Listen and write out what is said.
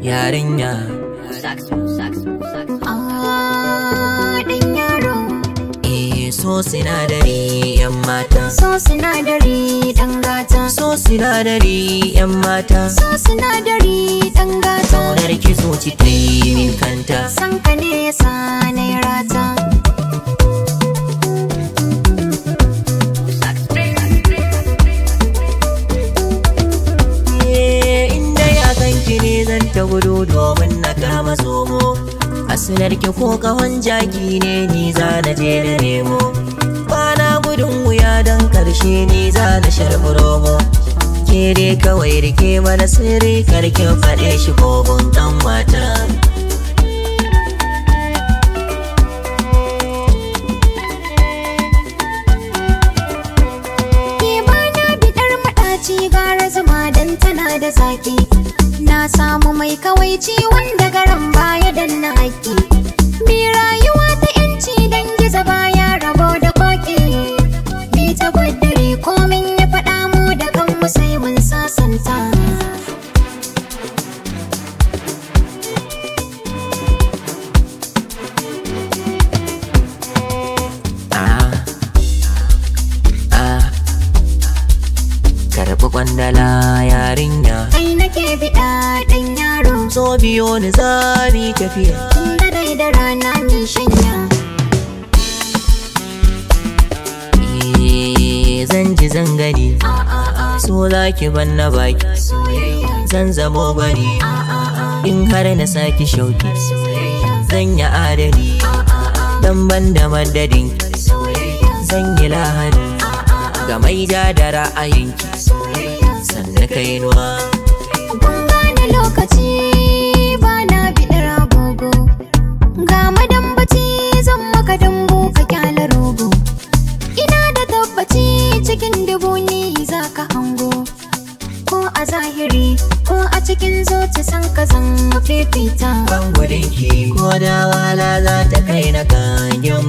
yarinya eh, So sinadari yan mata So sinadari dan gata So sinadari yan mata So sinadari dan gata Saunar ki ta yi min kanta gudu domin na kama a asinar ki ko kawon jaki ne ni za na je na nemo bana gudun wuya don karshe ni za na sharbi romo kere kawai rike mana sirri karkin faɗe shi kogon ɗan mata zuma don tana da zaki na samu mai kawaici wanda garan baya na ake kwandala yarinya Ai nake bi dan yaro So biyo ni zami tafiya inda dai da rana mai shanya eh, zan ji zan gani so za ki banna baki zan zamo bani in har na saki shauki zan yi adali dan ban da madadin zan yi lahani ga maida da ra'ayinki sannu kainuwa ban gane lokaci bana na agogo ga madambaci zan maka dambu ka kyala rogo ina da tabbaci cikin dubu ni za ka hango ko a zahiri ko a cikin zuci san ka zan fifita ban ko da wala za ta kai na kanyo